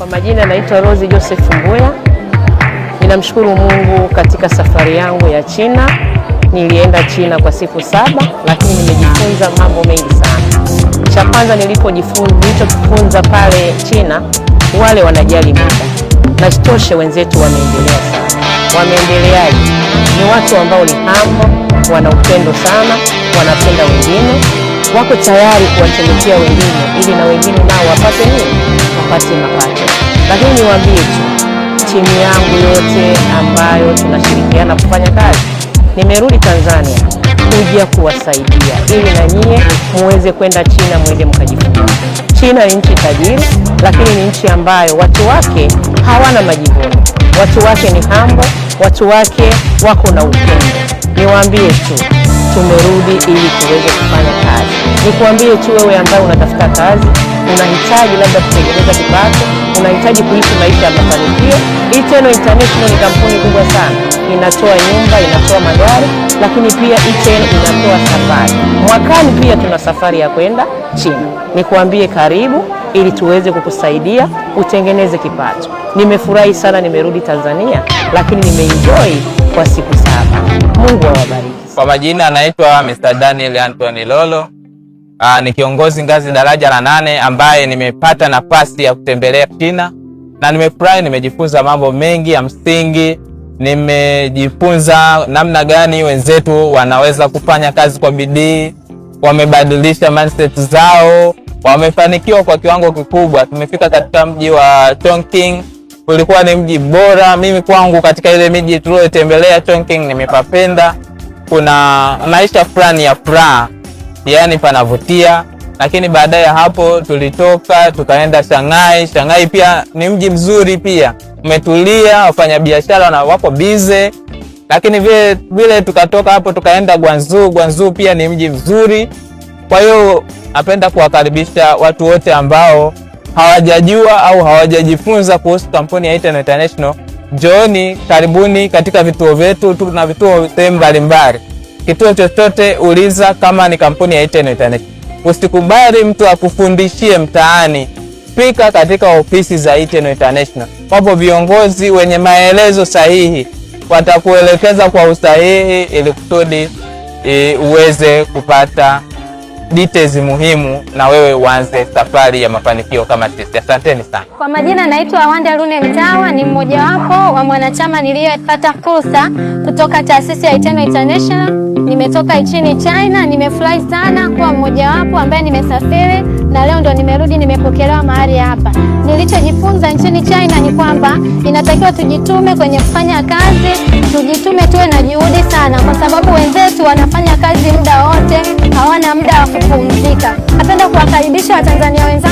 Kwa majina naitwa Rose Joseph Mbuya. Ninamshukuru Mungu katika safari yangu ya China. Nilienda China kwa siku saba, lakini nimejifunza mambo mengi sana. Cha kwanza nilichokifunza pale China, wale wanajali muda na sitoshe, wenzetu wameendelea sana. Wameendeleaje? Ni watu ambao ni hamu, wana upendo sana, wanapenda wengine wako tayari kuwatumikia wengine ili na wengine nao wapate nini? Wapate mapato. Lakini niwaambie tu, timu yangu yote ambayo tunashirikiana kufanya kazi, nimerudi Tanzania kuja kuwasaidia ili na nyie muweze kwenda China, mwende mkajifunza. China ni nchi tajiri, lakini ni nchi ambayo watu wake hawana majivuno, watu wake ni hambo, watu wake wako na upendo. Niwaambie tu, tumerudi ili tuweze kufanya kazi. Nikuambie tu wewe ambaye unatafuta kazi, unahitaji labda kutengeneza kipato, unahitaji kuishi maisha ya mafanikio. Eternal International ni kampuni kubwa sana, inatoa nyumba, inatoa magari, lakini pia Eternal inatoa safari. Mwakani pia tuna safari ya kwenda China. Nikuambie karibu ili tuweze kukusaidia utengeneze kipato. Nimefurahi sana nimerudi Tanzania, lakini nimeenjoy kwa siku saba. Mungu awabariki. Kwa majina anaitwa Mr. Daniel Anthony Lolo. Aa, ah, ni kiongozi ngazi daraja la nane ambaye nimepata nafasi ya kutembelea China na nimefurahi, nimejifunza mambo mengi ya msingi. Nimejifunza namna gani wenzetu wanaweza kufanya kazi kwa bidii, wamebadilisha mindset zao, wamefanikiwa kwa kiwango kikubwa. Tumefika katika mji wa Chongqing, ulikuwa ni mji bora. Mimi kwangu katika ile miji tuliyotembelea Chongqing nimepapenda kuna maisha fulani ya furaha, yani panavutia. Lakini baada ya hapo tulitoka tukaenda Shanghai. Shanghai pia ni mji mzuri, pia umetulia, wafanyabiashara na wako bize. Lakini vile vile tukatoka hapo tukaenda Guangzhou. Guangzhou pia ni mji mzuri. Kwa hiyo napenda kuwakaribisha watu wote ambao hawajajua au hawajajifunza kuhusu kampuni ya Eternal International Njooni, karibuni katika vituo vyetu. Tuna vituo sehemu mbalimbali. Kituo chochote uliza kama ni kampuni ya Iten Internet. Usikubali mtu akufundishie mtaani, pika katika ofisi za Iten International. Wapo viongozi wenye maelezo sahihi, watakuelekeza kwa usahihi ili kusudi eh, uweze kupata details muhimu na wewe uanze safari ya mafanikio kama sisi. Asanteni sana. Kwa majina naitwa Wanda Rune Mtawa, ni mmojawapo wa mwanachama niliyepata fursa kutoka taasisi ya Eternal International Nimetoka nchini China, nimefurahi sana kuwa mmojawapo ambaye nimesafiri na leo ndo nimerudi, nimepokelewa mahali hapa. Nilichojifunza nchini China ni kwamba inatakiwa tujitume kwenye kufanya kazi, tujitume, tuwe na juhudi sana, kwa sababu wenzetu wanafanya kazi muda wote, hawana muda wa kupumzika. Napenda kuwakaribisha Watanzania wenzangu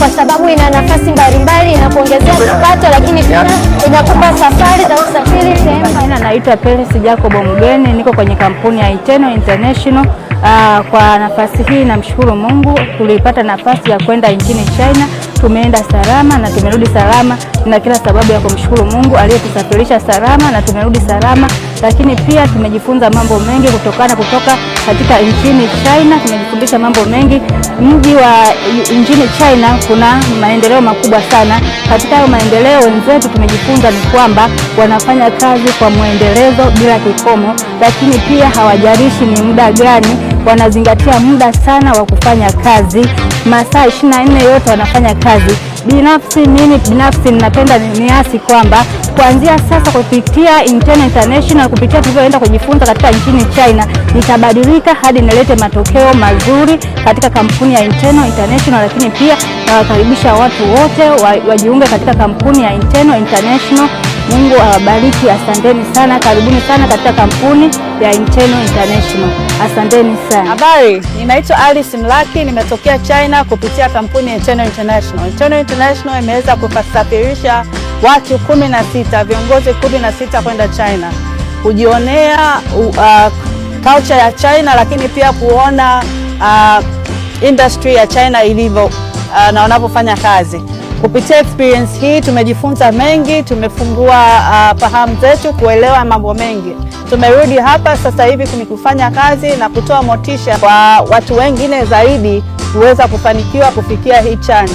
kwa sababu ina nafasi mbalimbali, inakuongezea kipato, lakini pia inakupa safari za usafiri sehemu. Jina naitwa Pelis Jacob Mgeni, niko kwenye kampuni ya Iteno International. Uh, kwa nafasi hii namshukuru Mungu, tulipata nafasi ya kwenda nchini China. Tumeenda salama na tumerudi salama, na kila sababu ya kumshukuru Mungu aliyetusafirisha salama na tumerudi salama, lakini pia tumejifunza mambo mengi kutokana kutoka katika nchini China tumejifundisha mambo mengi. Mji wa nchini China kuna maendeleo makubwa sana. Katika hayo maendeleo, wenzetu tumejifunza ni kwamba wanafanya kazi kwa mwendelezo bila kikomo, lakini pia hawajarishi ni muda gani, wanazingatia muda sana wa kufanya kazi, masaa 24 yote wanafanya kazi. Binafsi mimi binafsi ninapenda niasi kwamba kuanzia sasa kupitia Intern International, kupitia tulivyoenda kujifunza katika nchini China, nitabadilika hadi nilete matokeo mazuri katika kampuni ya Intern International, lakini pia nawakaribisha watu wote wajiunge katika kampuni ya Intern International. Mungu awabariki, asanteni sana, karibuni sana katika kampuni ya Inteno International. Asanteni sana. Habari, ninaitwa Alice Mlaki, nimetokea China kupitia kampuni ya Inteno International. Inteno International imeweza kusafirisha watu kumi na sita, viongozi kumi na sita kwenda China kujionea uh, culture ya China, lakini pia kuona uh, industry ya China ilivyo uh, na wanavyofanya kazi. Kupitia experience hii tumejifunza mengi, tumefungua uh, fahamu zetu kuelewa mambo mengi. Tumerudi hapa sasa hivi ni kufanya kazi na kutoa motisha kwa watu wengine zaidi kuweza kufanikiwa kufikia hii chance.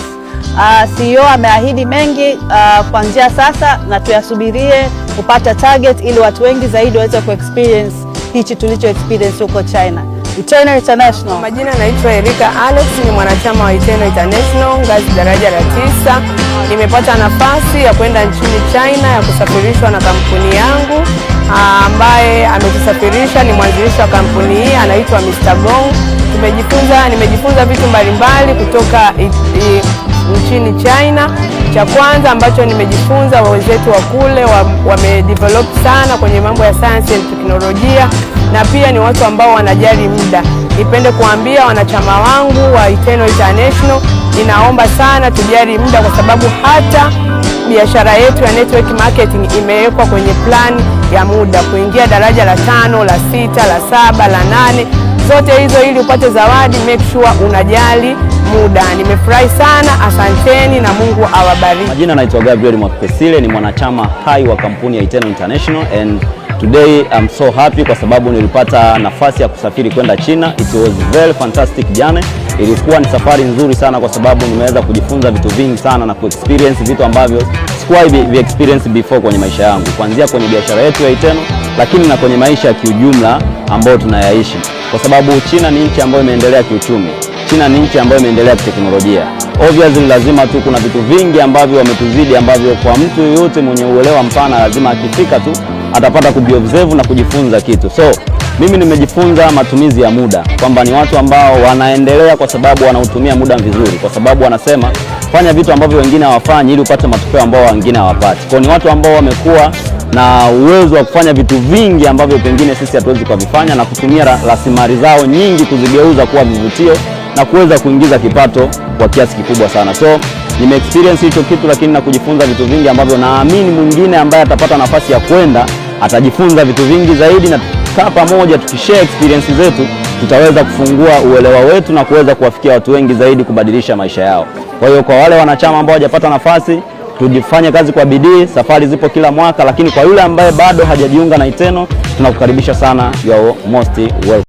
Uh, CEO ameahidi mengi uh, kuanzia sasa na tuyasubirie kupata target ili watu wengi zaidi waweze kuexperience hichi tulicho experience huko China. Itena International. Majina naitwa Erika Alex, ni mwanachama wa Itena International ngazi daraja la tisa. Nimepata nafasi ya kwenda nchini China ya kusafirishwa na kampuni yangu ah, ambaye ametusafirisha ni mwanzilishi wa kampuni hii anaitwa Mr. Gong. Tumejifunza, nimejifunza vitu mbalimbali kutoka nchini China cha kwanza ambacho nimejifunza, wenzetu wa kule wamedevelop wa sana kwenye mambo ya science na teknolojia, na pia ni watu ambao wanajali muda. Nipende kuambia wanachama wangu wa Eternal International, ninaomba sana tujali muda, kwa sababu hata biashara yetu ya network marketing imewekwa kwenye plani ya muda, kuingia daraja la tano, la sita, la saba, la nane, zote hizo, ili upate zawadi, make sure unajali muda. Nimefurahi sana, asanteni na Mungu awabariki. Majina naitwa Gabriel Mwakipesile, ni mwanachama hai wa kampuni ya Eternal International and Today I'm so happy kwa sababu nilipata nafasi ya kusafiri kwenda China. It was very fantastic journey. Ilikuwa ni safari nzuri sana kwa sababu nimeweza kujifunza vitu vingi sana na kuexperience vitu ambavyo sikuwahi vi experience before kwenye maisha yangu, kuanzia kwenye biashara yetu ya Eternal, lakini na kwenye maisha ya kiujumla ambayo tunayaishi, kwa sababu China ni nchi ambayo imeendelea kiuchumi. China ni nchi ambayo imeendelea kiteknolojia. Obviously lazima tu kuna vitu vingi ambavyo wametuzidi ambavyo kwa mtu yoyote mwenye uelewa mpana lazima akifika tu atapata kujiobserve na kujifunza kitu. So mimi nimejifunza matumizi ya muda kwamba ni watu ambao wanaendelea kwa sababu wanautumia muda vizuri, kwa sababu wanasema fanya vitu ambavyo wengine hawafanyi ili upate matokeo ambao wengine hawapati. Kwa ni watu ambao wamekuwa na uwezo wa kufanya vitu vingi ambavyo pengine sisi hatuwezi kuvifanya na kutumia rasilimali zao nyingi kuzigeuza kuwa vivutio na kuweza kuingiza kipato kwa kiasi kikubwa sana. So nime experience hicho kitu, lakini na kujifunza vitu vingi ambavyo naamini mwingine ambaye atapata nafasi ya kwenda atajifunza vitu vingi zaidi, na tukaa pamoja tukishare experience zetu tutaweza kufungua uelewa wetu na kuweza kuwafikia watu wengi zaidi kubadilisha maisha yao. Kwa hiyo kwa wale wanachama ambao hawajapata nafasi, tujifanye kazi kwa bidii. Safari zipo kila mwaka, lakini kwa yule ambaye bado hajajiunga na Iteno, tunakukaribisha sana. You are most welcome.